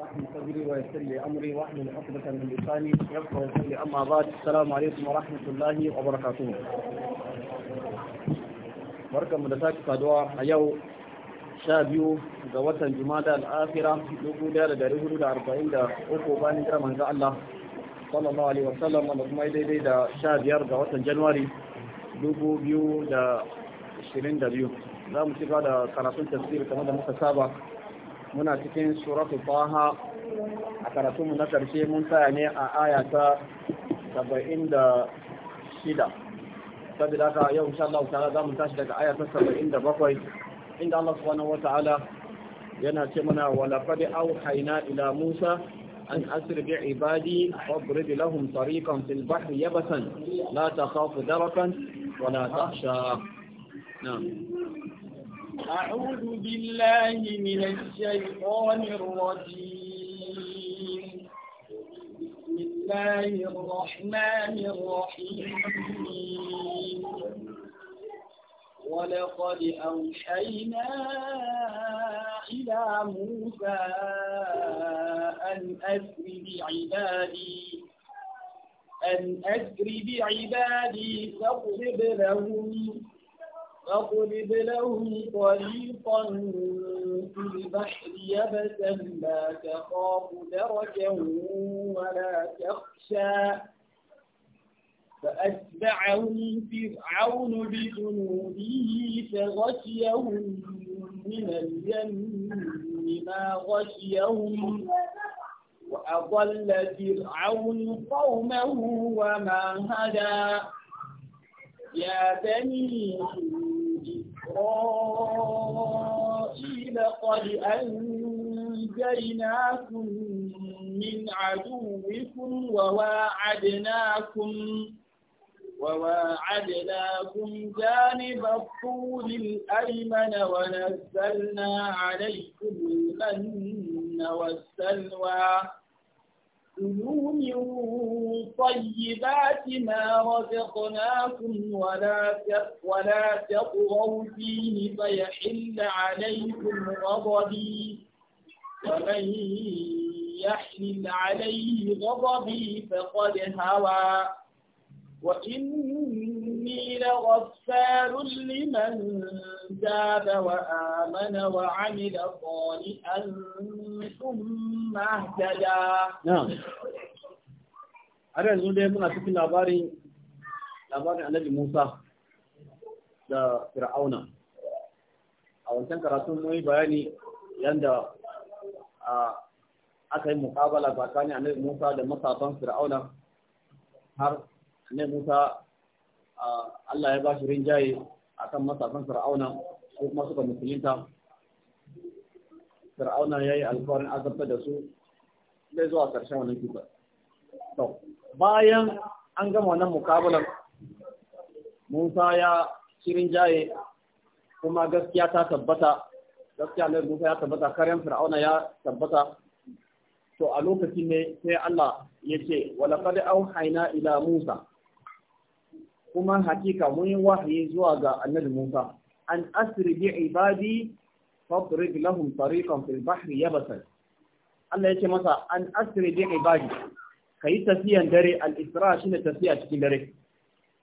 رحمة صدري ويسر لي السلام عليكم ورحمة الله وبركاته barkan mu da taki saduwa a yau sha biyu ga watan jumada al'afira dubu daya da dari hudu da arba'in da uku bayan jira manzo Allah sallallahu alaihi wasallam wanda kuma daidai da sha biyar ga watan januwari dubu biyu da ashirin da za mu ci da karatun tafsir kamar da saba muna cikin suratu faha a karatunmu na karshe mun tsaya ne a aya ta 76 saboda haka yau insha Allah ta'ala za mu tashi daga aya ta 77 inda Allah subhanahu wata'ala yana ce mana wa laqad awhayna ila Musa an asri bi ibadi fadrib lahum tariqan fil bahri yabasan la takhafu darakan wa la tahsha na'am أعوذ بالله من الشيطان الرجيم بسم الله الرحمن الرحيم ولقد أوحينا إلى موسى أن أسر بعبادي أن أسر بعبادي فاضرب لهم فاضرب لهم طريقا في البحر يبسا لا تخاف دركا ولا تخشى فأتبعهم فرعون بجنوده فغشيهم من اليم ما غشيهم وأضل فرعون قومه وما هدى يا بني إسرائيل قد أنجيناكم من عدوكم وواعدناكم وواعدناكم جانب الطول الأيمن ونزلنا عليكم المن والسلوى كلوا من طيبات ما رزقناكم ولا ولا تطغوا فيه فيحل عليكم غضبي ومن يحلل عليه غضبي فقد هوى وإن إني لغفار لمن تاب وآمن وعمل صالحا ثم اهتدى نعم har yanzu dai muna cikin labarin labarin annabi Musa da Fir'auna a wancan karatun mun yi bayani yadda aka yi mukabala tsakanin annabi Musa da masafan Fir'auna har annabi Musa Allah ya ba shi rinjaye kan masafan fir'auna ko kuma suka musulunta fir'auna ya yi alkawarin azabta da su zai zuwa ƙarshen wani kuka to bayan an gama wannan mukabalan Musa ya shirin jaye kuma gaskiya ta tabbata gaskiya ne Musa ya tabbata karyar fir'auna ya tabbata to a lokaci ne sai Allah ya ce walaqad haina ila Musa kuma hakika mun yi wahayi zuwa ga annabi Musa an asri bi ibadi fadrib lahum tariqan fil bahri yabasa Allah yace masa an asri bi ibadi kai tafiyan dare al isra shine tafiya cikin dare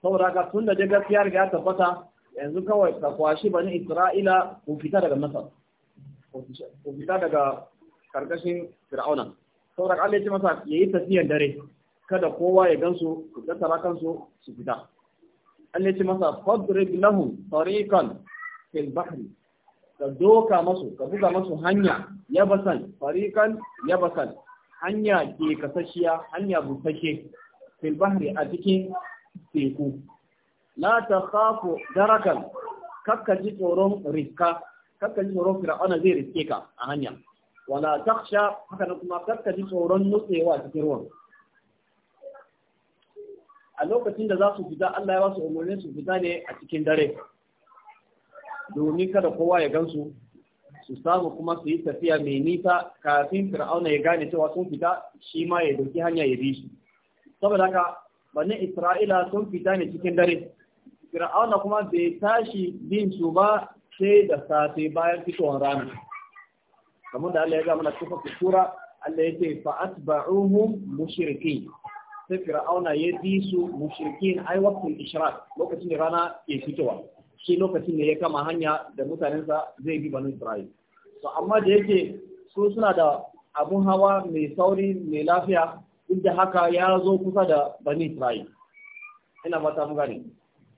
saboda ka tunda da gaskiya ga tabbata yanzu kawai ka kwashi bani Isra'ila ku fita daga Masar ku fita daga karkashin Fir'auna saboda Allah yace masa yayi tafiyan dare kada kowa ya gansu ku tattara kansu su fita an ya ce masa fadrib lahu tariqan fil bahri ka doka masu ka buga masu hanya yabasan tariqan yabasan hanya ke kasashiya hanya busashe fil bahri a cikin teku la takhafu darakan kakka ji tsoron riska kakka ji tsoron fir'auna zai riske ka a hanya wala taksha haka kuma kakka ji tsoron nutsewa cikin ruwan a lokacin da za su fita Allah ya ba su umarnin su fita ne a cikin dare domin kada kowa ya gansu su samu kuma su yi tafiya mai nisa kafin fir'auna ya gane cewa sun fita shi ma ya doki hanya ya bi su. saboda haka bani isra'ila sun fita ne cikin dare fir'auna kuma bai tashi bin su ba sai da safe bayan fitowar rana kamar da Allah ya ga mana cikin sura Allah ya ce fa sai fir'auna ya bi su mushrikin ai waqtul ishraq lokacin da rana ke fitowa shi lokacin da ya kama hanya da mutanensa zai bi banu isra'il to amma da yake su suna da abun hawa mai sauri mai lafiya duk da haka ya zo kusa da banu isra'il ina mata mu gane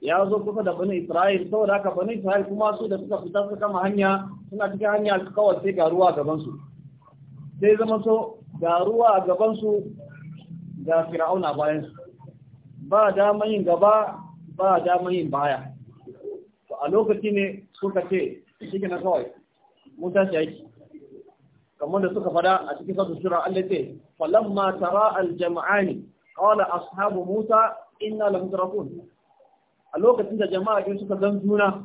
ya zo kusa da banu isra'il saboda haka bani isra'il kuma su da suka fita suka kama hanya suna cikin hanya kawai sai garuwa gaban su sai zama so garuwa a gaban su da fir'auna bayan su ba daman yin gaba ba daman yin baya To a lokaci ne suka ce shi na kawai muta tashi aiki kamar da suka fada a cikin sabon sura Allah ce falamma tara aljama'ani qala ashabu musa inna lam tarakun a lokacin da jama'a din suka gan juna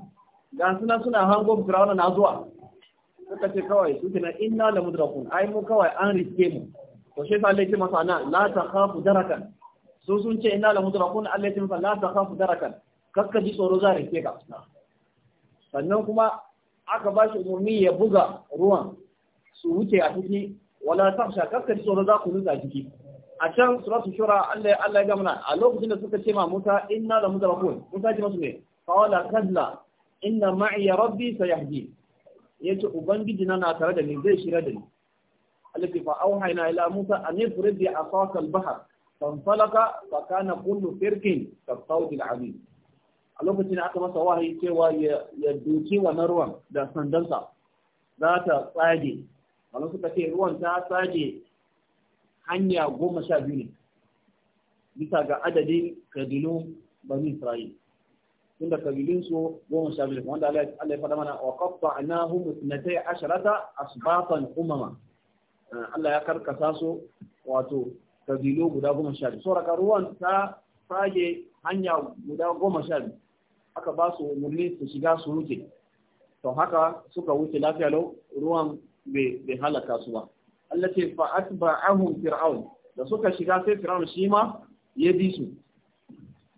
ga suna suna hango firawuna na zuwa suka ce kawai suke na inna lam tarakun ai mu kawai an riske mu ko shi sai ya masa na la takhafu darakan so sun ce inna la mudrakun allati fa la ta khafu darakan kakka ji tsoro za rike ka sannan kuma aka ba shi umarni ya buga ruwan su wuce a ciki wala sha kakka ji tsoro za ku nuna ciki a can suratu shura Allah Allah ya ga mana a lokacin da suka ce ma Musa inna la mudrakun Musa ji masu ne wala kadla inna ma'i rabbi sayahdi yace ubangiji na na tare da ni zai shirya da ni التي فأوحينا إلى موسى أن يفرد بعصاك البحر فانطلق فكان كل فرق كالطود العظيم a lokacin aka masa wahayi cewa ya duki na ruwan da sandansa za ta tsage wani suka ce ruwan ta tsage hanya goma sha biyu ne bisa ga adadin kabilun bani isra'il tunda kabilun goma sha biyu wanda Allah ya faɗa mana wa qatta anahum ashirata asbatan umama Allah ya karkasa su wato kabilu guda goma sha biyu sauraka ruwan ta sage hanya guda goma sha biyu aka ba su umarni su shiga su wuce to haka suka wuce lafiya lau ruwan bai halaka su ba Allah ce fa ahun fir'aun da suka shiga sai fir'aun shi ma ya bi su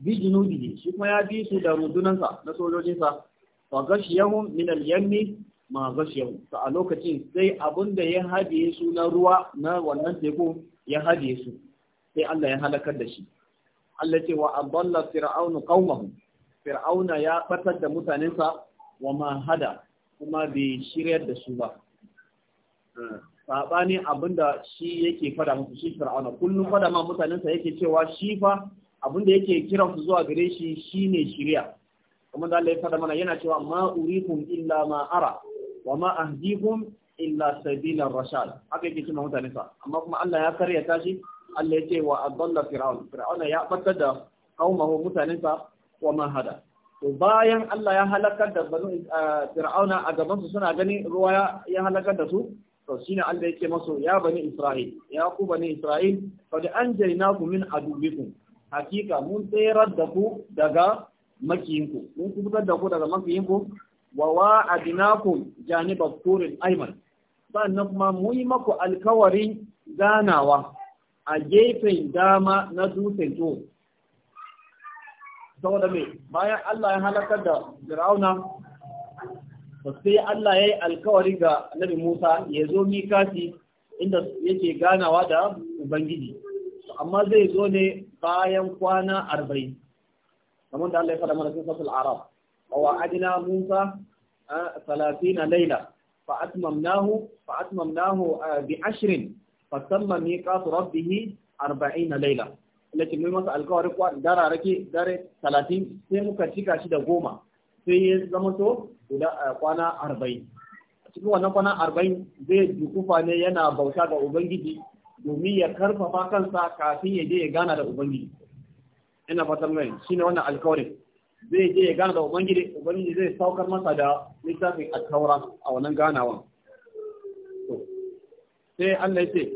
bi junubihi shi kuma ya bi su da rundunansa na sojojinsa fa gashiyahum min al-yammi ma gashiyar su a lokacin sai abin da ya hadiye su na ruwa na wannan teku ya hadiye su sai Allah ya halakar da shi Allah ce wa adalla fir'aunu qaumahu fir'auna ya batar da mutanensa wa ma hada kuma bai shiryar da su ba abin abinda shi yake fada musu shi fir'auna kullum fada ma mutanensa yake cewa shi fa abinda yake kiran su zuwa gare shi ne shirya kuma da Allah ya fada mana yana cewa ma urikum illa ma'ara. wa ma ahdihum illa sabila rashad haka yake cewa mutane sa amma kuma Allah ya karya tashi Allah ya ce wa adalla fir'aun fir'aun ya batar da qaumahu mutanen sa wa ma hada to bayan Allah ya halakar da banu eh, fir'auna a gaban su suna ganin ruwa ya halakar da su to shine Allah ya ce masu ya bani isra'il ya ku bani isra'il qad anjaynakum min adubikum hakika mun tsayar da ku daga makiyinku mun kubutar da ku daga makiyinku Wawa wa'adnakum janibal turil aiman sannan kuma mu yi maku alkawarin ganawa a gefen dama na dutsen to saboda mai bayan Allah ya halakar da Firauna to sai Allah ya yi alkawari ga Nabi Musa ya zo mikati inda yake ganawa da Ubangiji amma zai zo ne bayan kwana arba'in kamar da Allah ya faɗa mana cikin Arab ووعدنا موسى ثلاثين ليلة فأتممناه فأتممناه Laila. فتم ميقات ربه أربعين ليلة التي من مصر القارق دار ركي دار ثلاثين سيمو كتشيك أشد غوما في زمتو ولا قانا أربعين cikin wannan kwana arba'in zai dukufa ne yana bauta ga Ubangiji domin ya karfafa kansa kafin ya je ya gana da Ubangiji. Ina fatan mai shi ne wannan alkawarin zai je ya gana da ubangiji ubangiji zai saukar masa da littafin a taura a wannan ganawan to sai Allah ya ce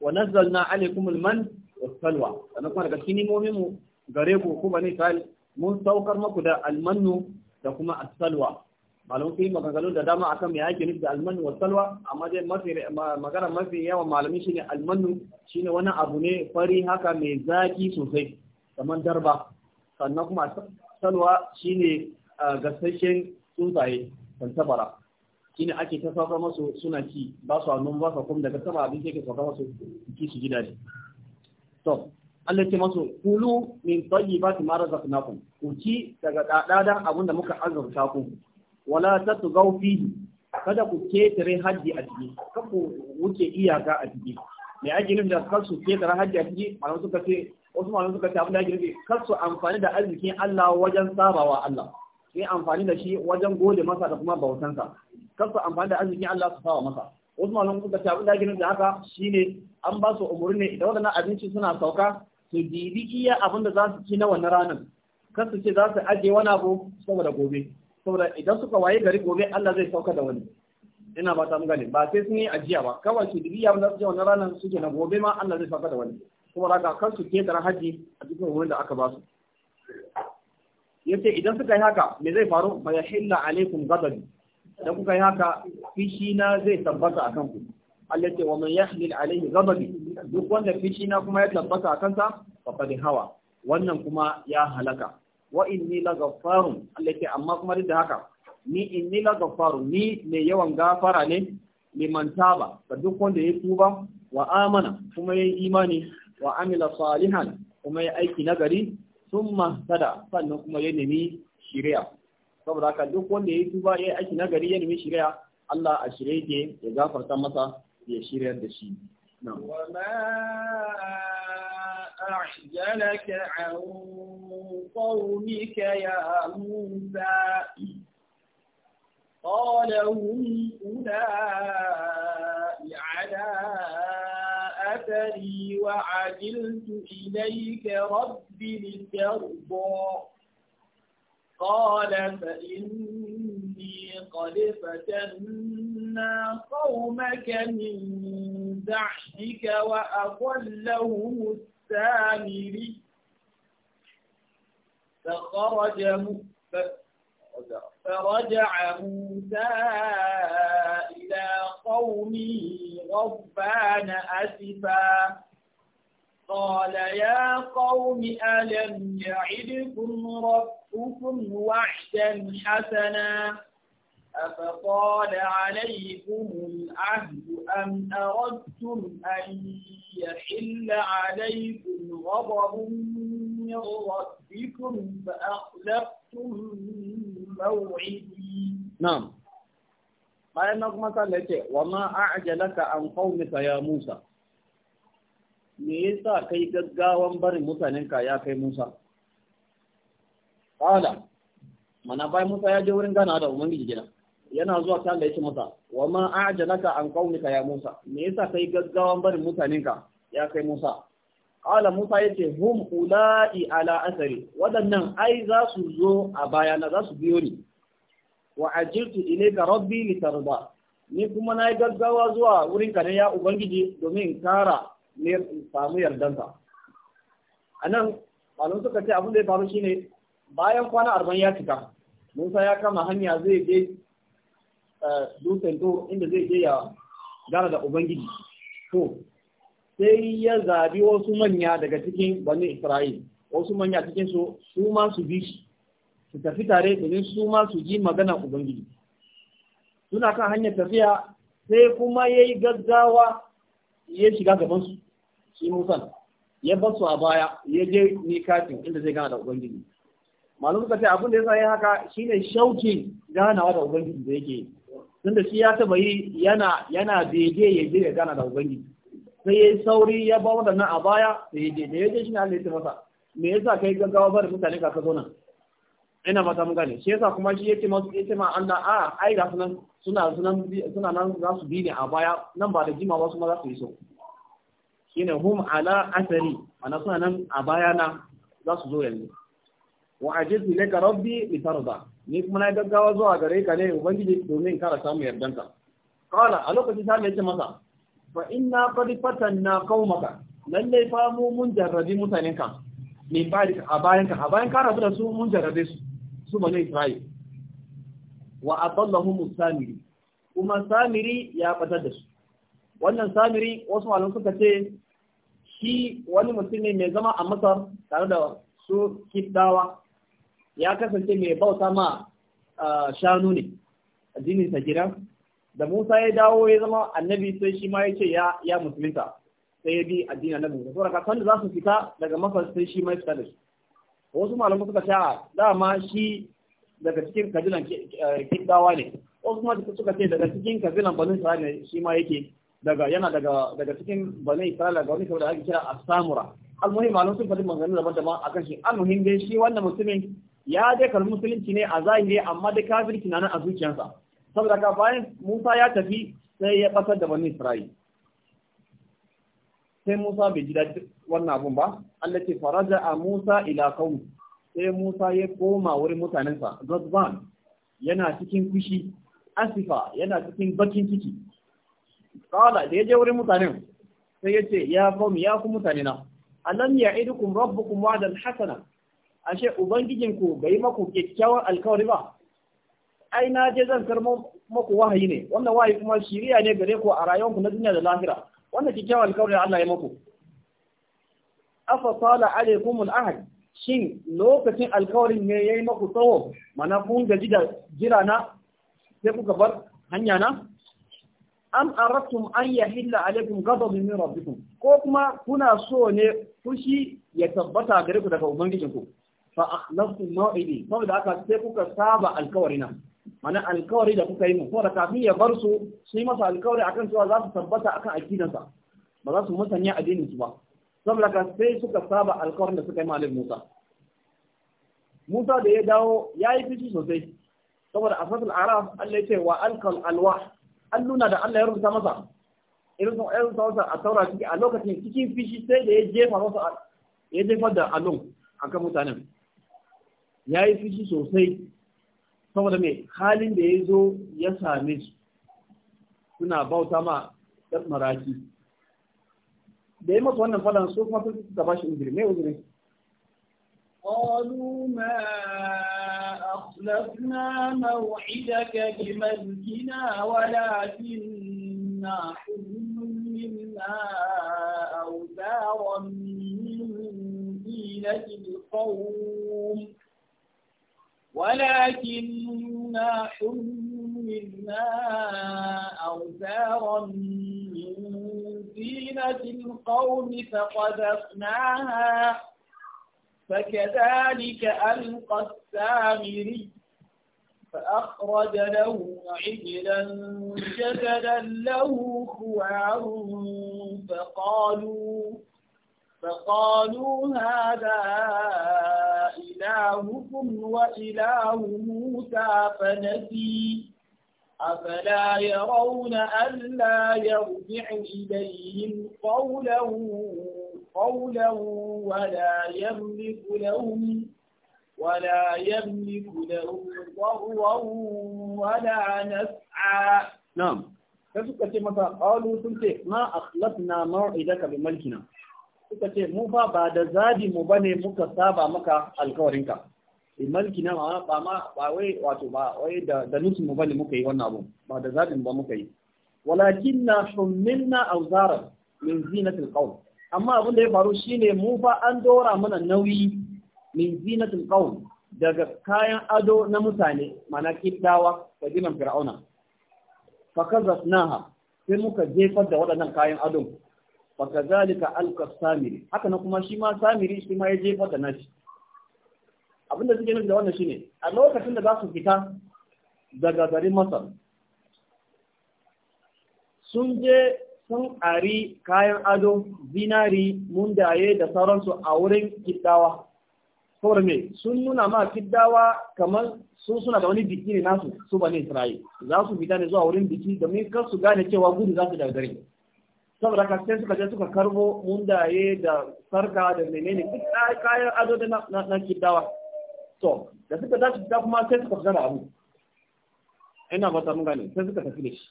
wa nazzalna alaikum al-man was-salwa sannan kuma daga cikin nimomin mu gare ku ku bani sal mun saukar maku da almannu da kuma as-salwa malamu kai maganganu da dama akan me yake nufi da almanu wa salwa amma dai mafi magana mafi yawan malami shine almanu shine wani abu ne fari haka mai zaki sosai kamar darba sannan kuma salwa shine gasashen tsuntsaye tantabara shine ake ta sauka masu suna ci ba su hannun ba su kuma daga sama abin ke sauka masu ki su ne to Allah ce masu kulu min mara zafi razaqnakum ku ci daga ɗaɗaɗa abin da muka azurta ku wala ta gau fihi kada ku ketare hajji a ciki kada ku wuce iyaka a ciki me ake nufin da su ketare hajji a ciki malamu suka ce wasu malamai suka tafi da girbe kar su amfani da arzikin Allah wajen sabawa Allah sai amfani da shi wajen gode masa da kuma bautansa kar su amfani da arzikin Allah su saba masa wasu sun suka tafi da girbe da haka shine an ba su umurni idan wadannan abinci suna sauka su dibi iya abin da za su ci na wannan ranar kar su ce za su ajiye wani abu saboda gobe saboda idan suka waye gari gobe Allah zai sauka da wani ina ba ta gane ba sai sun yi ajiya ba kawai su dibi da za su ce wannan ranar suke na gobe ma Allah zai sauka da wani kuma raka kansu ke ketara haji a cikin wurin da aka ba su yace idan suka yi haka me zai faru fa hilla alaikum ghadabi idan kuka yi haka fishi na zai tabbata akan ku Allah ce wa man yahlil alaihi ghadabi duk wanda fishi na kuma ya tabbata akan sa faqad hawa wannan kuma ya halaka wa inni la ghaffarun Allah ya amma kuma duk da haka ni inni la ghaffarun ni mai yawan gafara ne liman taba ga duk wanda ya tuba wa amana kuma ya yi imani wa amila salihan kuma ya aiki nagari sun mahtada sannan kuma ya nemi shirya saboda haka duk wanda ya yi tuba ya aiki nagari ya nemi shirya Allah a shirye yake ya gafarta masa ya shiryar da shi أعجلك قال هم أولئك على أثري وعجلت إليك رب لترضى قال فإني قد فتنا قومك من بعدك وأضلهم السامري فخرج مؤمن فرجع موسى إلى قومه غضبان أسفا قال يا قوم ألم يعدكم ربكم وعدا حسنا أفقال عليكم العهد أم أردتم أن يحل عليكم غضب من ربكم فأخلفتم maw'idi na'am bayan na kuma sa yake wa ma a'jalaka an qaumika ya Musa me yasa kai gaggawan barin mutanenka ya kai Musa qala mana bai Musa ya je wurin gana da ubangiji gida yana zuwa ta Allah yake masa wa ma a'jalaka an qaumika ya Musa me yasa kai gaggawan barin mutanenka ya kai Musa Ƙala Musa ya ce, Hum ula'i ala asari, waɗannan ai za su zo a bayana za su biyo ni, wa ajirtu ilaika rabbi li ni kuma na yi gaggawa zuwa wurin ka ya ubangiji domin kara ne samu yardanta a nan malum suka ce abin da ya faru shine bayan kwana arba'in ya cika musa ya kama hanya zai je eh, dutsen to inda zai je ya gara da ubangiji to sai ya zabi wasu manya daga cikin bani Isra'il, wasu manya cikin su su ma su bi su tafi tare domin su ma su ji magana Ubangiji. Suna kan hanyar tafiya sai kuma ya yi gaggawa ya shiga gabansu, shi Musan, ya ba su a baya, ya je ni kafin inda zai gana da Ubangiji. Malum suka ce abin da ya sa ya haka shine shauki ganawa da Ubangiji da yake yi. Tunda shi ya taba yi yana yana bege ya je ya gana da Ubangiji. sai ya sauri ya ba waɗannan a baya da ya je da ya je shi ne Allah masa me yasa kai gaggawa bar mutane ka kaso nan ina mata mun gane shi yasa kuma shi yake masu ce ma Allah a ai ga sunan suna sunan suna nan za su bi ne a baya nan ba da jima ba su ma za su yi so shine hum ala asari ana suna nan a baya na za su zo yanzu wa ajizu laka rabbi litarda ni kuma na gaggawa zuwa gare ka ne ubangiji domin kara samu yardanka Kala a lokacin sai yace masa fa inna qad fatanna qaumaka lalle fa mu mun jarrabi mutanen ka ne bari a bayan ka a bayan ka rabu da su mun jarrabe su su bane Isra'il wa adallahum samiri kuma samiri ya fata da su wannan samiri wasu malamu suka ce shi wani mutum ne mai zama a Masar tare da su kiddawa ya kasance mai bauta ma ah, shanu ne addinin sa gidan da Musa ya dawo ya zama annabi sai shi ma ya ce ya musulunta sai ya bi addinin annabi Musa saboda kan da za su fita daga Masar sai shi ma ya fita da shi wasu malamai suka ce dama shi daga cikin kabilan eh, kiddawa ne wasu ma suka ce daga cikin kabilan banu sa ne shi ma yake daga yana daga daga cikin banu Isra'ila ga wani kabila ake kira Asamura almuhim malamai sun faɗi maganganu daban-daban akan shi almuhim dai shi wannan musulmin ya dai karbi musulunci ne a zahiri amma dai kafirci na nan a zuciyarsa saboda ka bayan Musa ya tafi sai ya kasar da wani Isra'il sai Musa bai ji daji wannan abun ba Allah ce faraja a Musa ila kawu, sai Musa ya koma wurin mutanensa Zazban yana cikin fushi asifa yana cikin bakin ciki kala da ya je wurin mutanen sai ya ce ya kawu, ya ku mutane na alam ya'idukum rabbukum wa'dan hasana ashe ubangijinku bai maku kyakkyawar alkawari ba ai na je zan karmo muku wahayi ne wannan wahayi kuma shiriya ne gare ku a rayuwanku na duniya da lahira wannan kikkiawar alkawarin Allah ya muku afa tala alaikum al-ahd shin lokacin alkawarin ne yayi muku tsawo mana kun gaji da jira na sai kuka bar hanya na am aradtum an yahilla alaikum ghadab min rabbikum ko kuma kuna so ne fushi ya tabbata gare ku daga ubangijinku fa akhlaftum maw'idi saboda haka sai kuka saba alkawarina mana alkawari da kuka yi mu saboda kafin ya bar su su yi masa alkawari akan cewa za su tabbata akan aqidansa ba za su musanya addinin su ba saboda ka sai suka saba alkawarin da suka yi malin Musa Musa da ya dawo ya yi fishi sosai saboda a fasul araf Allah ya ce wa alkal alwa alluna da Allah ya rubuta masa irin sun ayyukan a saura ciki a lokacin cikin fishi sai da ya jefa masa ya jefa da alun akan mutanen ya yi fishi sosai saboda mai halin da ya zo ya same su suna bauta ma ɗan maraki da ya masa wannan fadan su kuma sun gaba shi injiri mai uzuri قالوا ما أخلفنا موعدك بملكنا ولكننا حملنا أوزارا من دينة القوم ولكننا حملنا أوزارا من زينة القوم فقذفناها فكذلك ألقى السامري فأخرج له عجلا جسدا له خوار فقالوا فقالوا هذا إلهكم وإله موسى فنسي أفلا يرون ألا يرجع إليهم قولا قولا ولا يملك لهم ولا يملك لهم ضرا ولا نفعا نعم فسكت مثلا قالوا سمتي ما أخلفنا موعدك بملكنا suka ce mu fa ba da zabi mu bane muka saba maka alkawarinka eh, malki na ma ba ma ba wai wato ba wai da da nufin mu bane muka yi wannan abu ba da zabin ba muka yi walakinna humminna awzara min zinatil qawl amma abin da ya faru shine mu fa an dora mana nauyi min zinatil qawl daga kayan ado na mutane mana kiddawa da jinan fir'auna fakazatnaha sai muka jefar da waɗannan kayan adon fa alka samiri haka na kuma shi ma samiri shi ma ya jefa da nashi abinda suke nufi da wannan shine a lokacin da za su fita daga garin Masar sun je sun ari kayan ado zinari mundaye da sauransu a wurin kiddawa saboda me sun nuna ma kiddawa kamar sun suna da wani biki ne nasu su bane isra'i za su fita ne zuwa wurin biki domin kan su gane cewa gudu za su daga gari saboda ka sai suka je suka karbo mundaye da sarka da menene kayan ado da na kiddawa to da suka tashi fita kuma sai suka fita da abu ina ba ta gane sai suka tafi da shi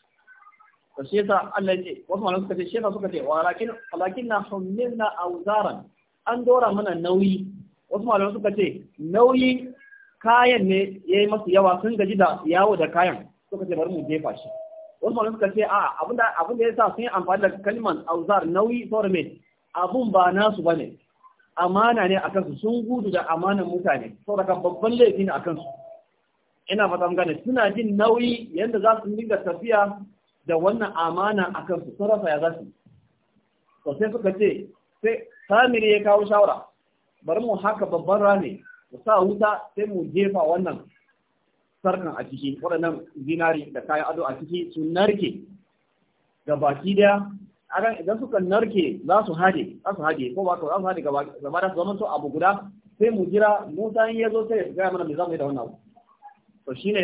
to shi yasa Allah ya ce wasu malamu suka ce shi yasa suka ce walakin walakin na hummilna awzaran an dora mana nauyi wasu malamu suka ce nauyi kayan ne yayi masu yawa sun gaji da yawo da kayan suka ce bari mu jefa shi wasu malamai suka ce a abinda abinda sa sun yi amfani da kalman auzar nauyi torment abun ba nasu bane amana ne akan su sun gudu da amanan mutane saboda babban laifi ne akan su ina fata mun gane suna jin nauyi yadda za su dinga tafiya da wannan amana akan su sun ya za su to sai suka ce sai samiri ya kawo shawara bari mu haka babban rami mu sa wuta sai mu jefa wannan sarkan a ciki waɗannan zinari da kayan ado a ciki su narke ga baki daya akan idan suka narke za su hade za su hade ko ba za su hade gaba da su zama to abu guda sai mu jira Musa in ya zo sai ya mana me za mu yi da wannan abu to shine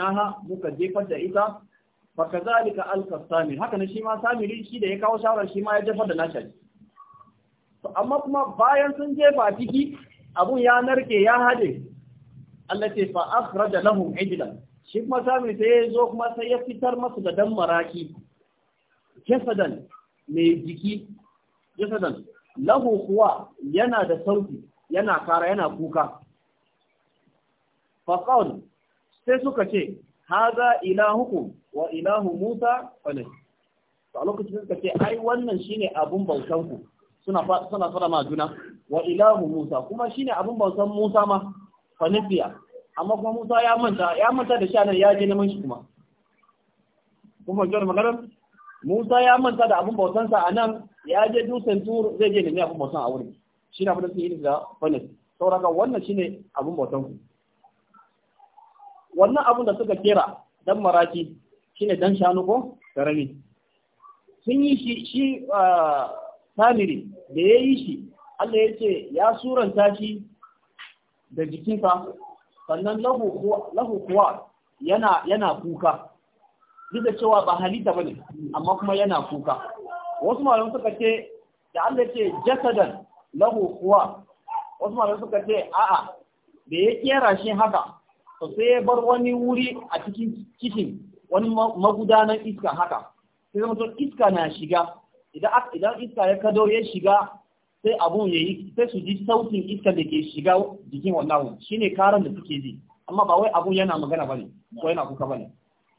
naha muka jefar da ita fakazalika alqa samir haka ne shi ma samiri shi da ya kawo shawara shi ma ya jefar da nashi to amma kuma bayan sun jefa ciki abun ya narke ya hade Allah ce fa akhraja lahum ijlan shi kuma sami sai ya zo kuma sai ya fitar masu da dan maraki jasadan mai jiki jasadan lahu kuwa yana da sauti yana kara yana kuka faqaul sai suka ce haza ilahukum wa ilahu musa falai a lokacin suka ce ai wannan shine abun bautanku suna suna fara ma juna wa ilahu musa kuma shine abun bautan musa ma fanifiya amma kuma musa ya manta ya manta da shanar ya je neman shi kuma kuma jiyar magana musa ya manta da abin bautansa a nan ya je dutsen tur zai je nemi abin bautan a wurin shi na abin yi da fanis sauraka wannan shine abin bautan ku wannan abin da suka kera dan maraki shine dan shanu ko karami sun yi shi shi tamiri ah, da ya yi shi Allah ya ce ya suranta shi da jikinsa sannan lahu kuwa yana kuka duk da cewa ba halitta ba ne, amma kuma yana kuka wasu malamai suka ce da Allah ce jasadan lahu kuwa wasu malamai suka ce a'a da ya kera shi haka to sai ya bar wani wuri a cikin kishin wani magudanar iska haka sai zama iska na shiga idan iska ya kado ya shiga sai abun ya yi sai su ji sautin iskar da ke shiga jikin wannan ne karan da suke ji amma ba wai abun yana magana ba ne, ko yana kuka ba ne.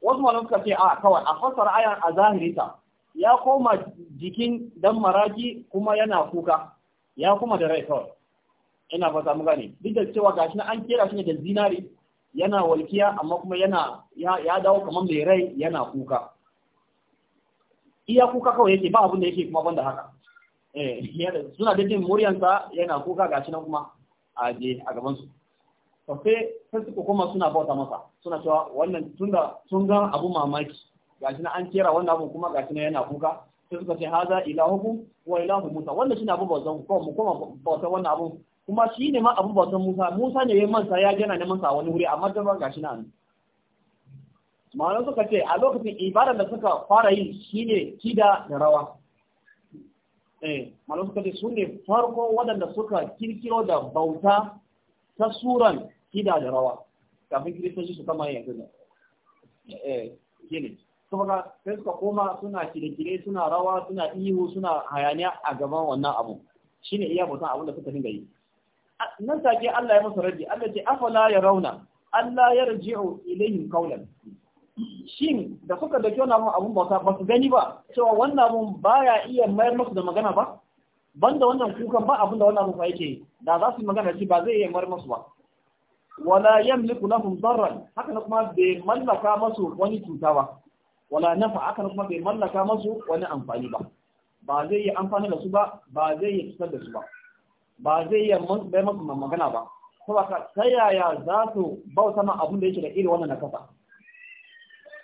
wasu malam suka ce a kawai a fasar ayan a ta ya koma jikin dan maraki kuma yana kuka ya kuma da rai kawai ina ba samu gane duk da cewa gashi na an kera shi ne da zinari yana walkiya amma kuma yana ya dawo kamar mai rai yana kuka iya kuka kawai yake ba abin da yake kuma banda haka Eh, suna da jin muryansa yana kuka ga shi nan kuma a je a gabansu. Sosai sai suka koma suna bauta masa suna cewa wannan tunda sun ga abu mamaki shi na an kera wannan abu kuma ga shi nan yana kuka sai suka ce haza ilahukum wa ilahu musa wannan shine abu bautan ko mu koma bauta wannan abu kuma shi ne ma abu bautan musa musa ne ya mansa ya gina ne mansa wani wuri amma da na nan malam suka ce a lokacin ibadar da suka fara yi shine kida da rawa Eh, malam suka ce su ne farko waɗanda suka kirkiro da bauta ta suran kida da rawa kafin kiristoci su kama yanzu ne gini kuma ga sai suka koma suna kirkire suna rawa suna ihu suna hayaniya a gaban wannan abu shine iya bautan abin da suka dinga yi nan take Allah ya musu rabi Allah ce afala ya rauna Allah ya raji'u ilayhim qawlan shin da suka dauki wani abun abun bauta ba su gani ba cewa wannan mun baya iya mayar musu da magana ba banda wannan kukan ba abun da wannan mun yake da za su magana shi ba zai iya mayar musu ba wala yamliku lahum darran haka kuma bai mallaka musu wani cuta ba wala nafa haka kuma bai mallaka musu wani amfani ba ba zai yi amfani da su ba ba zai yi cutar da su ba ba zai yi mayar musu magana ba saboda ta yaya za su bauta ma abun da yake da irin wannan nakasa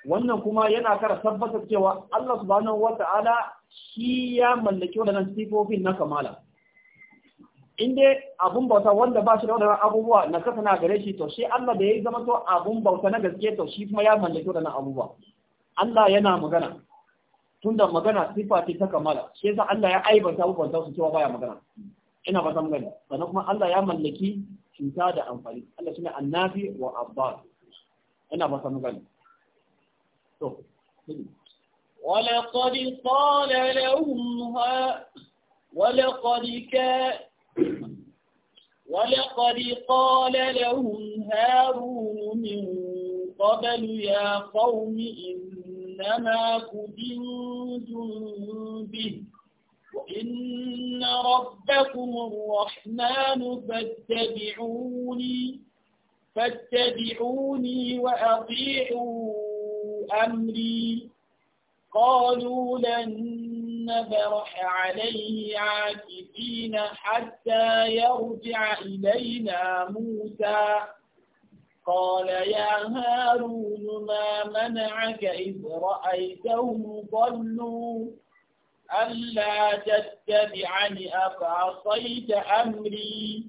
wannan kuma yana kara tabbatar cewa Allah subhanahu wata'ala shi ya mallaki waɗannan sifofin na kamala in dai abun bauta wanda ba shi da wadannan abubuwa na kasa na gare shi to shi Allah da ya zama to abun bauta na gaske to shi kuma ya mallaki waɗannan abubuwa Allah yana magana tunda magana sifa ce ta kamala shi yasa Allah ya aibanta abubuwan su cewa baya magana ina ba san gani sannan kuma Allah ya mallaki cuta da amfani Allah shine annabi wa abba ina ba san gani ولقد قال لهم ها ولقد كان ولقد قال لهم هارون من قبل يا قوم إنما كذنتم به وإن ربكم الرحمن فاتبعوني فاتبعوني وأطيعوا أمري قالوا لن نبرح عليه عاكفين حتى يرجع إلينا موسى قال يا هارون ما منعك إذ رأيتهم ضلوا ألا تتبعني أفعصيت أمري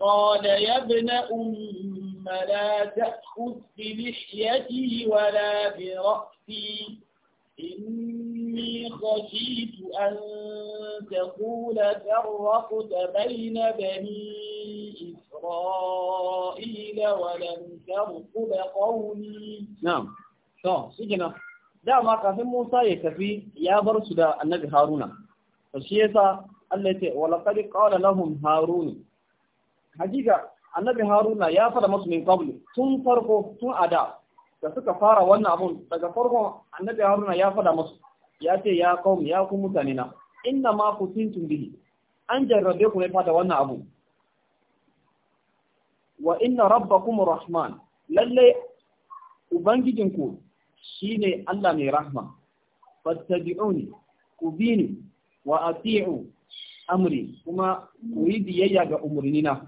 قال يا ابن أم ثم لا تأخذ بلحيتي ولا برأسي إني خشيت أن تقول فرقت بين بني إسرائيل ولم ترقب قولي نعم to shi gina dama kafin Musa ya tafi ya bar su da annabi Haruna to shi yasa Allah ya ce wa laqad qala lahum harun hakika annabi haruna ya fada masu min qablu tun farko tun ada da suka fara wannan abun daga farko annabi haruna ya fada masu ya ce ya qaumi ya ku mutane na inna ma tuntun bihi an jarrabe ku ne fada wannan abu wa inna rabbakum rahman lalle ku shine Allah mai rahma fattabi'uni ku bini wa ati'u amri kuma ku yi biyayya ga umurnina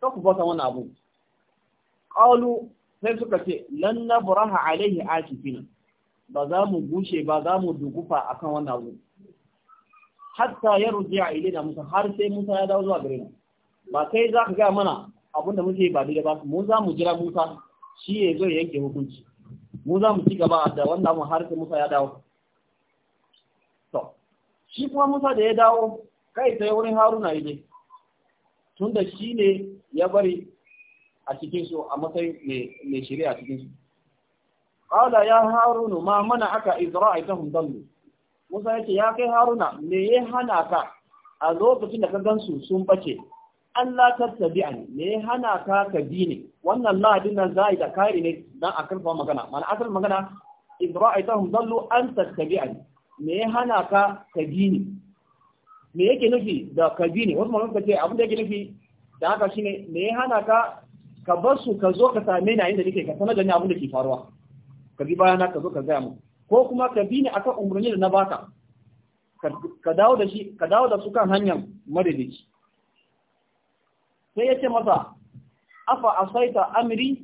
ka ku bauta wannan abu qalu sai suka ce lan nabraha alaihi akifina ba za mu gushe ba za mu a akan wannan abu hatta ya ile ilaina musa har sai musa ya dawo zuwa gare mu ba kai za ka ga mana da muke ba daidai ba mu za mu jira musa shi ya zo ya yanke hukunci mu za mu ci gaba da wannan mu har sai musa ya dawo to shi kuma musa da ya dawo kai sai wurin haruna yaje tunda shi ne ya bari a cikin su a matsayin mai a cikin su ya harunu ma mana aka a izra'atahum hundallu, Musa ce ya kai Haruna me ya hana ka a lokacin da ka gansu sun bace Allah ta tattabi'ani me ya hana ka ka bi ne wannan ladin nan zai da kare ne don a karfa magana mana asar magana a izra'atahum hundallu an tattabi'ani me ya hana ka ka bi ne me yake nufi da ka bi ne wasu magana ce abin da yake nufi da haka shine me ya hana ka ka bar su ka zo ka same ni a inda nake ka sanar da ni abin da ke faruwa ka bi bayan ka zo ka gaya mu ko kuma ka bi ni akan umarni da na baka ka dawo da shi ka dawo da su kan hanyar madadici sai ya ce masa afa asaita amri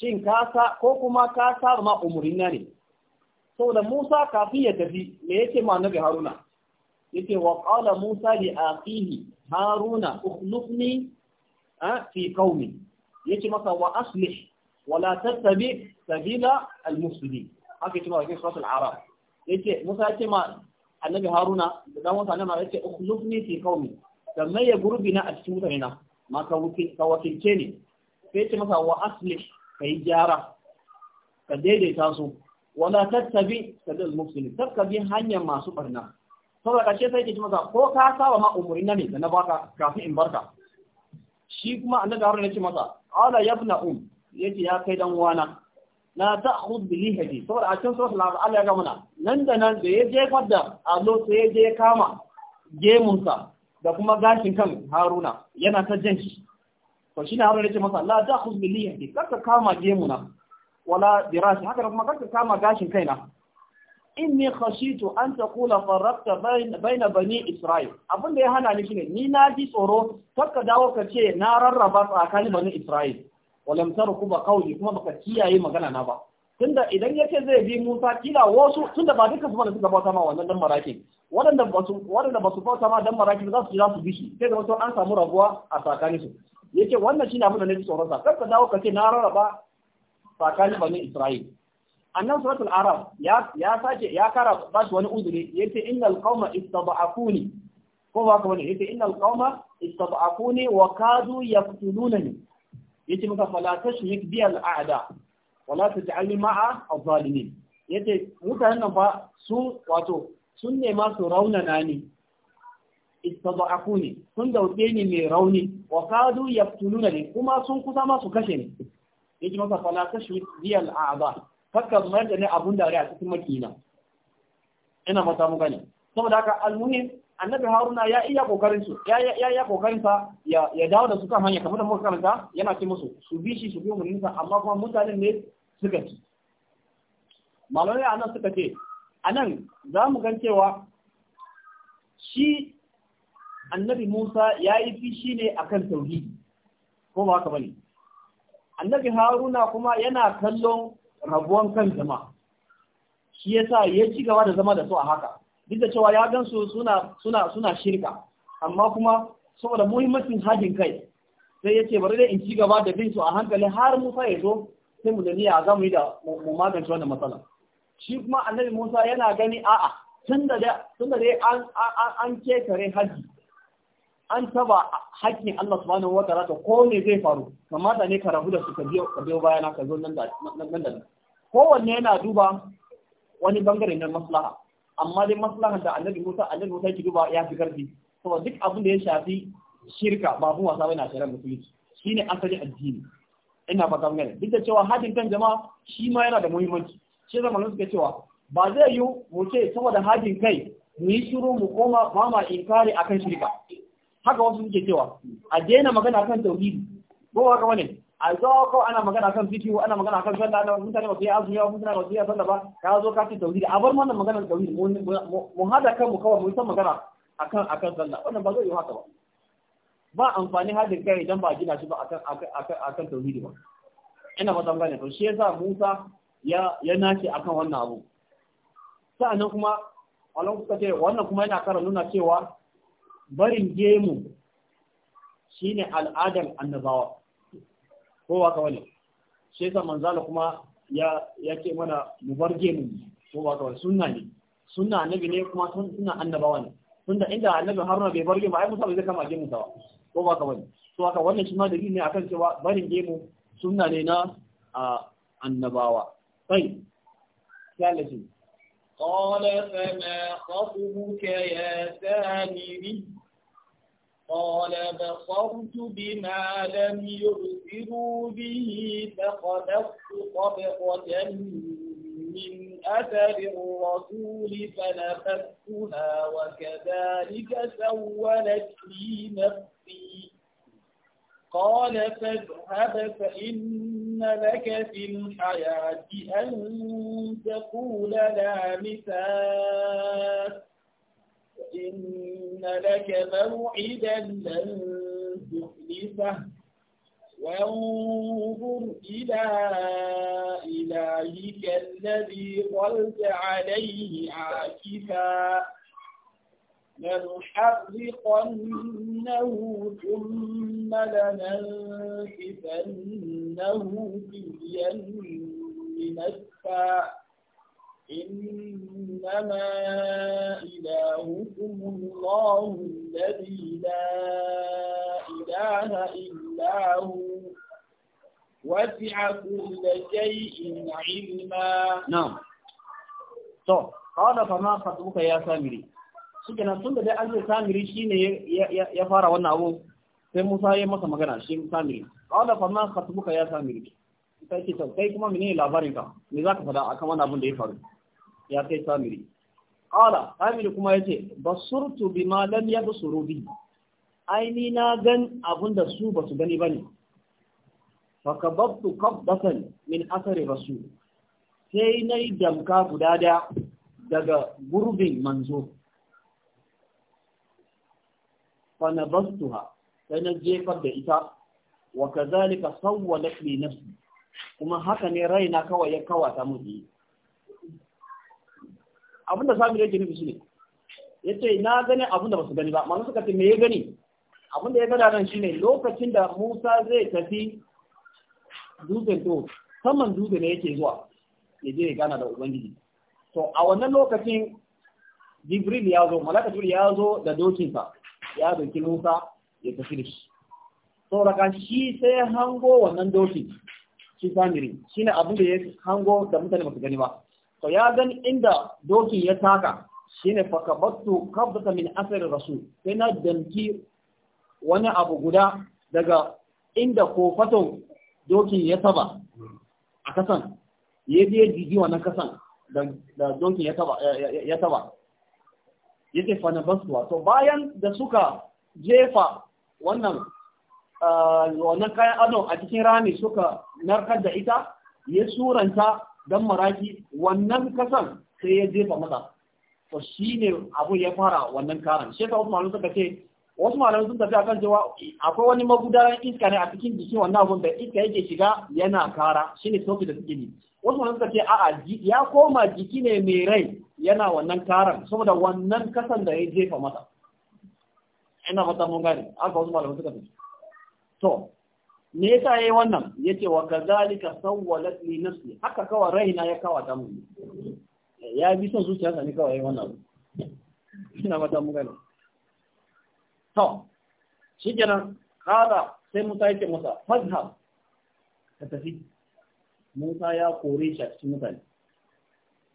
shin ka sa ko kuma ka sa ma umurina ne saboda Musa kafin ya tafi me yake ma nabi Haruna yake wa qala Musa li aqihi Haruna ukhlifni fi Ya ce masa wa aslih wala tattabi sabila al-mufsidin haka ce masa suratul araf yace Musa ce ma annabi Haruna da dan wasa annabi yace ukhlufni fi Da kamar ya gurbi na a cikin mutane na ma ka wakilce ne sai ce masa wa aslih kai gyara ka daidaita su wala tattabi sabil mufsidin tattabi hanyar masu barna saboda ce sai ke masa ko ka saba ma umurina ne da na baka kafin in barka shi kuma annabi harun yace masa ala ya um yace ya kai dan wana la ta'khudh bi lihiyati saboda a cikin sura al ya ga mana nan da nan da yaje fadda allo sai yaje kama gemunsa da kuma gashin kan haruna yana ta jin shi to ne haruna yace masa la ta'khudh bi lihiyati ka kama gemuna wala dirasi haka kuma ka kama gashin kaina inni khashitu an taqula farraqta bayna bani isra'il da ya hana ni shine ni na ji tsoro takka dawo ka ce na rarraba tsakanin bani isra'il walam ba qawli kuma baka kiyaye magana na ba tunda idan yace zai bi Musa kila wasu tunda ba duka su bane suka bauta ma wannan dan marakin waɗanda ba su waɗanda ba su bauta ma dan marakin za su ji za su bi shi sai da wato an samu rabuwa a tsakanin su yace wannan shine abin da nake tsoron sa takka dawo ka ce na rarraba tsakanin bani isra'il annan suratul arab ya ya sace ya kara ba shi wani uzuri yace innal qauma istad'afuni ko ba ka wani yace innal qauma istad'afuni wa kadu yaqtulunani yace maka fala tashrik bi al a'da wala taj'alni ma'a adh-dhalimin yace mutanen nan fa su wato sun nema su raunana ni istad'afuni sun dauke ni mai rauni wa kadu yaqtulunani kuma sun kusa ma su kashe ni yace muka fala tashrik bi al a'da kakkan mayar da ne abun da a cikin makina ina mata mu gani saboda haka almuhim annabi haruna ya iya kokarin su ya ya kokarin sa ya dawo da su kan hanya kamar da muka karanta yana ce musu su bi shi su bi mu nisa amma kuma mutanen ne suka ci malamai anan suka ce anan za mu gan cewa shi annabi Musa ya yi fishi ne akan tauhidi ko ba haka bane annabi Haruna kuma yana kallon rabuwan kan jama'a shi yasa ya ci gaba da zama da su a haka duk da cewa ya gansu suna suna suna shirka amma kuma saboda muhimmancin hajin kai sai ya ce bari dai in ci gaba da bin su a hankali har Musa ya zo sai mu da niyya za mu yi da mu magance wannan matsala shi kuma annabi Musa yana gani a'a tun da tun dai an an an kekare haji an taba hakkin Allah subhanahu wataala to ko ne zai faru da ne ka rabu da su ka biyo ka biyo bayana ka zo nan da nan da kowanne yana duba wani bangare na maslaha amma dai maslaha da Annabi Musa Annabi Musa yake duba ya fi karfi to duk abin da ya shafi shirka ba mun wasa bane a da musulunci shine asali addini ina ba gangare duk da cewa hadin kan jama'a shi ma yana da muhimmanci shi zama nan suka cewa ba zai yi mu ce saboda hadin kai mu yi shiru mu koma mama inkari akan shirka haka wasu suke cewa a daina magana kan tauhidi ko haka wani a zo ko ana magana kan ko ana magana kan sallah ana mutane ba su yi azumi ba mutane ba su yi sallah ba ka zo ka ci tauhidi a bar wannan magana tauhidi mu hada kanmu kawai mu san magana akan akan sallah wannan ba zai yi haka ba ba amfani hadin kai idan ba gina shi ba akan akan akan tauhidi ba ina fatan gane to shi yasa Musa ya ya nace akan wannan abu sa'annan kuma Allah kuka ce wannan kuma yana kara nuna cewa barin gemu shine al'adar annabawa kowa ka wani shi yasa manzala kuma ya ke mana mu bar gemu kowa ka wani sunna ne sunna annabi ne kuma sunna annabawa ne tunda inda annabi haruna bai bar gemu ai musa bai zai kama gemu ba ko ka wani to haka wannan shi ma dalili ne akan cewa barin gemu sunna ne na annabawa sai sai قال فما خطبك يا سامري قال بصرت بما لم يبصروا به فقدست طبقة من أثر الرسول فنفذتها وكذلك سولت لي نفسي قال فاذهب فإن لك في الحياة أن تقول لا مثال إن لك موعدا لن تخلفه وانظر إلى إلهك الذي ظلت عليه عاكفا لنحرقنه ثم لننكفنه في اليم نكفا إنما إلهكم الله الذي لا إله إلا هو وسع كل شيء علما نعم to قال فما خطبك يا ya سكنا suke دي أجل سامري dai an ce samiri ya fara wannan abu sai Musa ya masa magana shi samiri qala fa ma ya samiri sai kai kuma mene labarin ka me zaka faɗa akan wannan abin da ya faru ya kai samiri Ƙala. samiri kuma ya ce basurtu ma lam yabsuru bi aini na gan da su basu gani bane fakababtu qabdatan min athari rasul sai na yi damka guda daya daga gurbin manzo bastuha sai na jefar da ita wa kazalika sawwalat li nafsi kuma haka ne raina kawai ya kawata mu abin da samir yake nufi shine yace na gani abin da basu gani ba mamu suka ce me ya gani abin ya gada nan shine lokacin da Musa zai tafi dutsen to saman dutse ne yake zuwa ya je ya gana da ubangiji to a wannan lokacin Jibril ya zo malaka ya zo da dokinsa ya doki Musa ya tafi da shi sauraka shi sai hango wannan doki shi samiri shine abin da ya hango da mutane ba gani ba to ya gan inda doki ya taka shine fakabattu qabdata min asari rasul sai na damki wani abu guda daga inda kofato dokin ya taba a kasan ya je jiji wannan kasan da dokin ya taba fa na basuwa to bayan da suka jefa wannan ah, wannan kayan ado a cikin rami suka narkar da ita ya suranta dan maraki wannan kasan sai ya jefa masa to shine abu ya fara wannan karan shi ta Usman suka ce wasu malamai sun tafi akan cewa akwai wani magudanar iska ne a cikin jikin wannan abun da iska yake shiga yana kara shine tofi da suke yi wasu malamai suka ce a'a ya koma jiki ne mai rai yana wannan karan saboda wannan kasan da ya jefa masa ina fata mun gane haka wasu malamai suka tafi to me yasa yayi wannan yace wa kazalika sawwalat li nafsi haka kawa raina ya kawata mu eh, ya bi son zuciyarsa ne kawai yayi wannan ina mata mu gani to shikenan kada sai Musa yake masa fadha ka tafi Musa ya kore shi a cikin mutane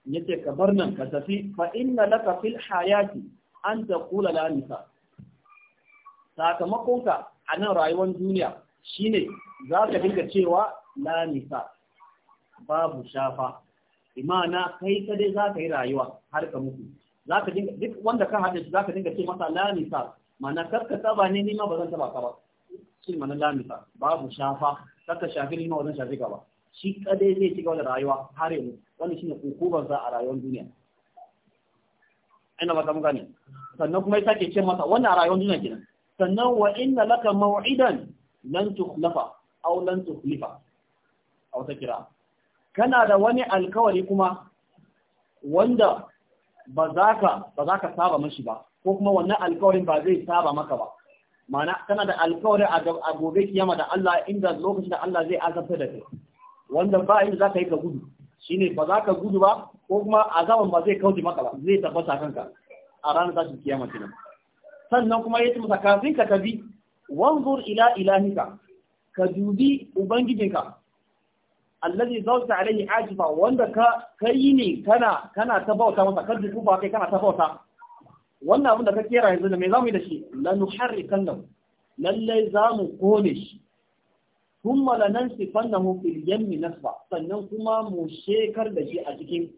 yace ka bar nan ka tafi fa inna laka fil hayati an taqula la nisa sakamakonka a nan rayuwar duniya shine za ka dinga cewa la nisa babu shafa imana kai kadai za ka yi rayuwa har ka mutu za ka dinga duk wanda ka hada shi za ka dinga ce masa la nisa mana kar ka taba ne nima ba zan taba ka ba shi mana la nisa babu shafa kar ka shafi nima ba zan shafi ka ba shi kadai zai ci gaba da rayuwa har yanzu. Wani shine hukubar za a rayuwar duniya ina ba ta gane sannan kuma ya sake ce masa wannan rayuwar duniya kenan sannan wa inna laka maw'idan lan tukhlafa aw lan tukhlifa aw ta kira kana da wani alkawari kuma wanda ba za ka ba za ka saba mashi ba ko kuma wannan alkawarin ba zai saba maka ba mana kana da alkawari a gobe kiyama da Allah inda lokacin da Allah zai azabta da kai wanda ba inda za ka yi ka gudu shine ba za ka gudu ba ko kuma azaban ba zai kauce maka ba zai tabbata kanka a ranar tashin kiyama kenan sannan kuma yace masa kafin ka tabi wanzur ila ilahika ka dubi ubangijinka allazi zauta alaihi ajifa wanda ka kai ne kana kana ta masa kan duku ba kai kana ta bauta wannan abin da ka kera yanzu da me zamu yi da shi lanuharrikan nan lalle zamu kone shi kuma lanansifannahu sannan kuma mu shekar da shi a cikin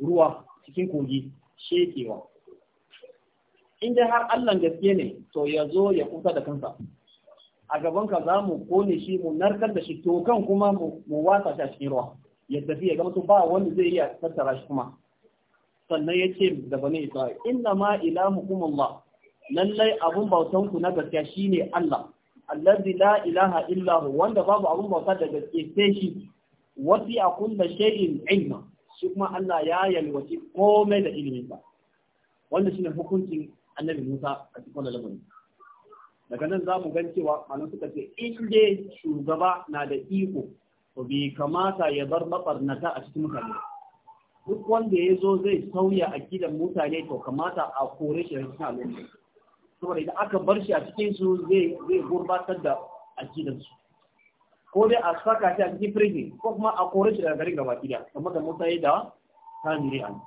ruwa cikin kogi shekewa in dai har Allah gaske ne to ya zo ya kusa da kansa a gaban ka za mu kone shi mu narkar da shi to kan kuma mu wasa shi a cikin ruwa ya tafi ya ga mutum ba wanda zai iya tattara shi kuma sannan ya ce da bani Isra'il inna ma ilahukum Allah lallai abun bautan ku na gaskiya shine Allah Alladhi la ilaha illa hu wanda babu abun bauta da gaske sai shi wasi a kulla shay'in ilma shi kuma Allah ya yalwaci komai da ilimin ba Wanda shine hukuncin annabi Musa a cikin wannan lamarin daga nan za mu gan cewa malam suka ce in dai shugaba na da iko to bai kamata ya bar mabarnata a cikin mutane duk wanda ya zo zai sauya akidan mutane to kamata a kore shi a cikin al'umma saboda idan aka bar shi a cikin su zai zai gurbatar da akidan su ko dai a saka shi a cikin firji ko kuma a kore shi daga garin gaba ɗaya kamar da Musa ya da ta miri an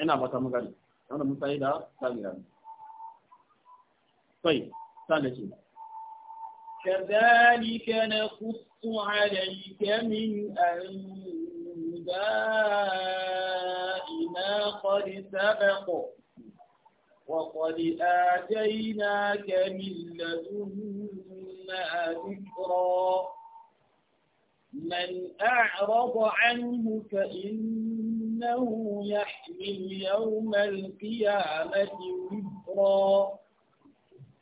ina ta magana أنا متعيدة ثانية يعني. طيب ثاني شيء كذلك نقص عليك من أنباء ما قد سبق وقد آتيناك من لدنا ذكرا من أعرض عنه فإن إنه يحمل يوم القيامة وفرا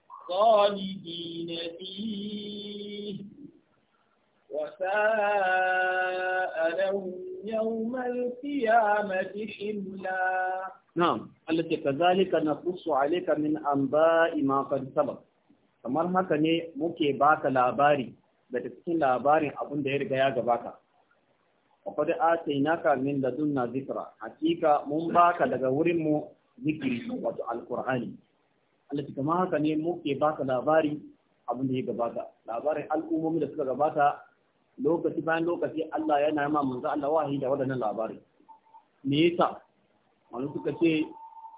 خالدين فيه وساء لهم يوم القيامة حملا نعم التي كذلك نقص عليك من أنباء ما قد سبق kamar haka ne muke baka labari da cikin labarin abin da ya riga ya gabata وقد آتيناك من لدنا ذكرى حقيقة من baka daga wurin mu zikiri wato alqur'ani Allah kuma haka ne muke baka labari abin da ya gabata labarin al'ummomi da suka gabata lokaci bayan lokaci Allah yana ma manzo Allah wahayi da waɗannan labarin. me yasa wani suka ce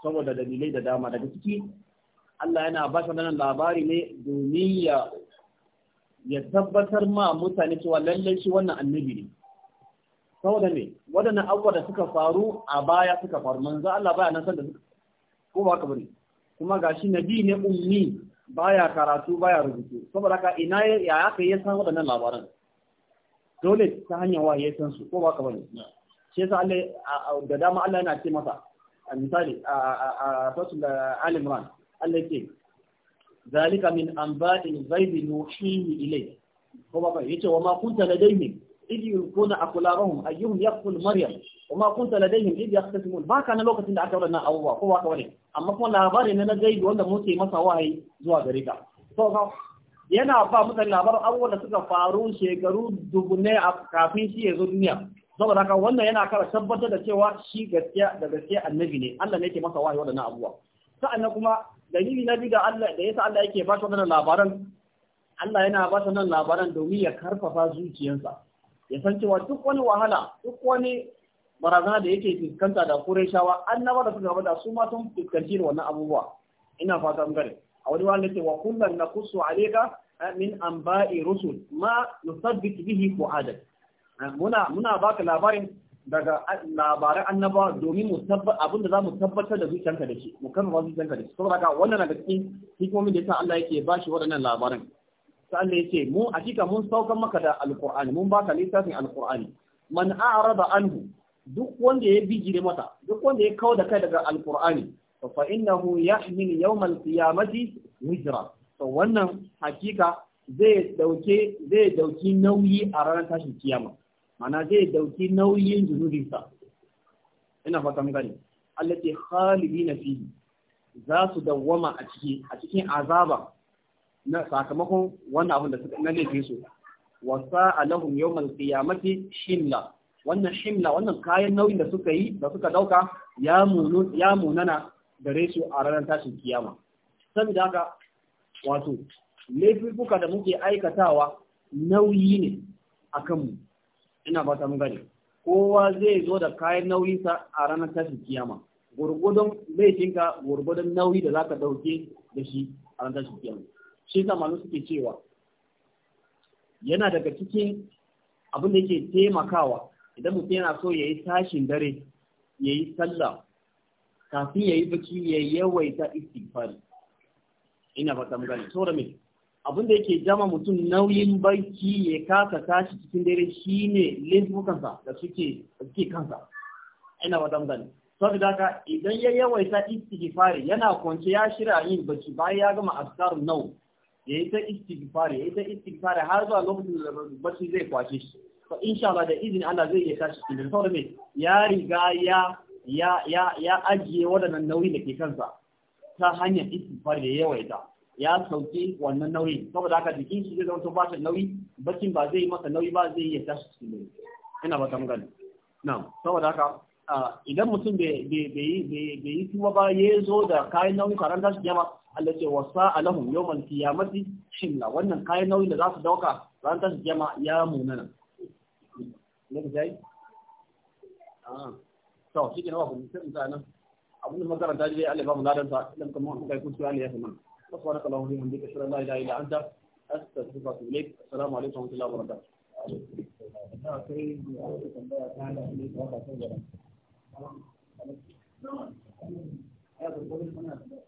saboda dalilai da dama daga ciki Allah yana ba shi wannan labari ne domin ya ya tabbatar ma mutane cewa lallai shi wannan annabi ne saboda me waɗannan abubuwa da suka faru a baya suka faru manzo Allah baya nan san da suka ko ba ka bane kuma gashi nabi ne ummi baya karatu baya rubutu saboda haka ina ya aka yi san waɗannan labaran dole ta hanyar wa ya san su ko ba ka shi yasa Allah da dama Allah yana ce masa a misali a fasul al-imran Allah yake zalika min anba'il ghaibi nuhihi ilayk ko ba ka yace wa ma kunta ladayhim إذ يكون أكلارهم أيهم يقتل مريم وما كنت لديهم إذ يختصمون ما كان لوكة إن أكبر wannan abubuwa kowa ka أما كون kuma labarin na zai wanda muke masa wahayi zuwa بريكا ka so yana ba mutane labarin abubuwan da suka faru shekaru dubune a kafin shi ya saboda haka wannan yana kara tabbatar da cewa shi gaskiya da gaskiya annabi ne Allah ne yake masa wahayi wannan abubuwa sa'annan kuma dalili na biyu Allah da yasa Allah yake ba shi wannan labaran Allah yana ba shi wannan labaran domin ya karfafa zuciyarsa ya san cewa duk wani wahala duk wani barazana da yake fuskanta da an annaba da suka da su ma sun fuskanci wannan abubuwa ina fata an gare a wani wani ce wa kullum kullun nakusu alayka eh, min ba'i rusul ma nuthabbit bihi adal. Eh, muna muna baka labarin daga labaran annaba domin mu tabbata abin da mu tabbatar da zuciyarka da shi mu kama zuciyarka da shi saboda ka, wannan da cikin hikimomin da ya sa Allah yake bashi waɗannan labaran sa'an ya ce mu a mun saukan maka da alkur'ani mun baka littafin alkur'ani man a'rada anhu duk wanda ya bijire mata duk wanda ya kawo da kai daga alkur'ani fa innahu yahmil yawmal qiyamati wizra to wannan hakika zai dauke zai dauki nauyi a ranar tashin kiyama mana zai dauki nauyin zunubinsa ina fata mun gani allati khalidina fihi za su dawwama a ciki a cikin azaba na sakamakon wannan abin da suka na laifin su wasa alahum yawmal qiyamati shimla wannan shimla wannan kayan nauyin da suka yi da suka dauka ya munu ya munana gare su a ranar tashin kiyama saboda haka wato laifuka da muke aikatawa nauyi ne akan mu ina ba ta mun kowa zai zo da kayan nauyinsa a ranar tashin kiyama gurgudun laifinka gurgudun nauyi da zaka dauke da shi a ranar tashin kiyama shi zamanu suke cewa yana daga cikin abin da yake taimakawa idan mutum yana so ya yi tashin dare ya yi sallah kafin ya yi baki ya yawaita istighfari ina ba tamgani saboda me abin da yake jama mutum nauyin barci ya kasa tashi cikin dare shine laifukansa da suke suke kansa ina ba tamgani saboda ka idan ya yawaita istighfari yana kwance ya shirya yin baki bayan ya gama askarun nau ya yi ta istighfari ya yi ta istighfari har zuwa lokacin da bacci zai kwashe shi to insha Allah da izini Allah zai iya tashi cikin saboda me ya riga ya ya ya ya ajiye waɗannan nauyi da ke kansa ta hanyar istighfari da yawaita ya sauke wannan nauyi saboda haka jikin shi zai zama to ba shi nauyi bakin ba zai masa nauyi ba zai iya tashi cikin dare ina ba ta magana na'am saboda haka ah, idan mutum bai yi tuba ba ya zo da kayan nauyi karanta shi jama'a التي وصاء لهم يوم القيامة شملة وأن القاية نوي لذات دوكا فأنت جمع يا موننا لك زي آه. طو سيكي نوافق نسيب نسانا أبنى المقرن تاجبه ألي بابا لادن سا لم كمون حقا يكون سؤالي يا سمان أصوانك الله في حمدك أشهر الله إلا إلا أنت أستغفرك إليك السلام عليكم ورحمة الله وبركاته Thank you.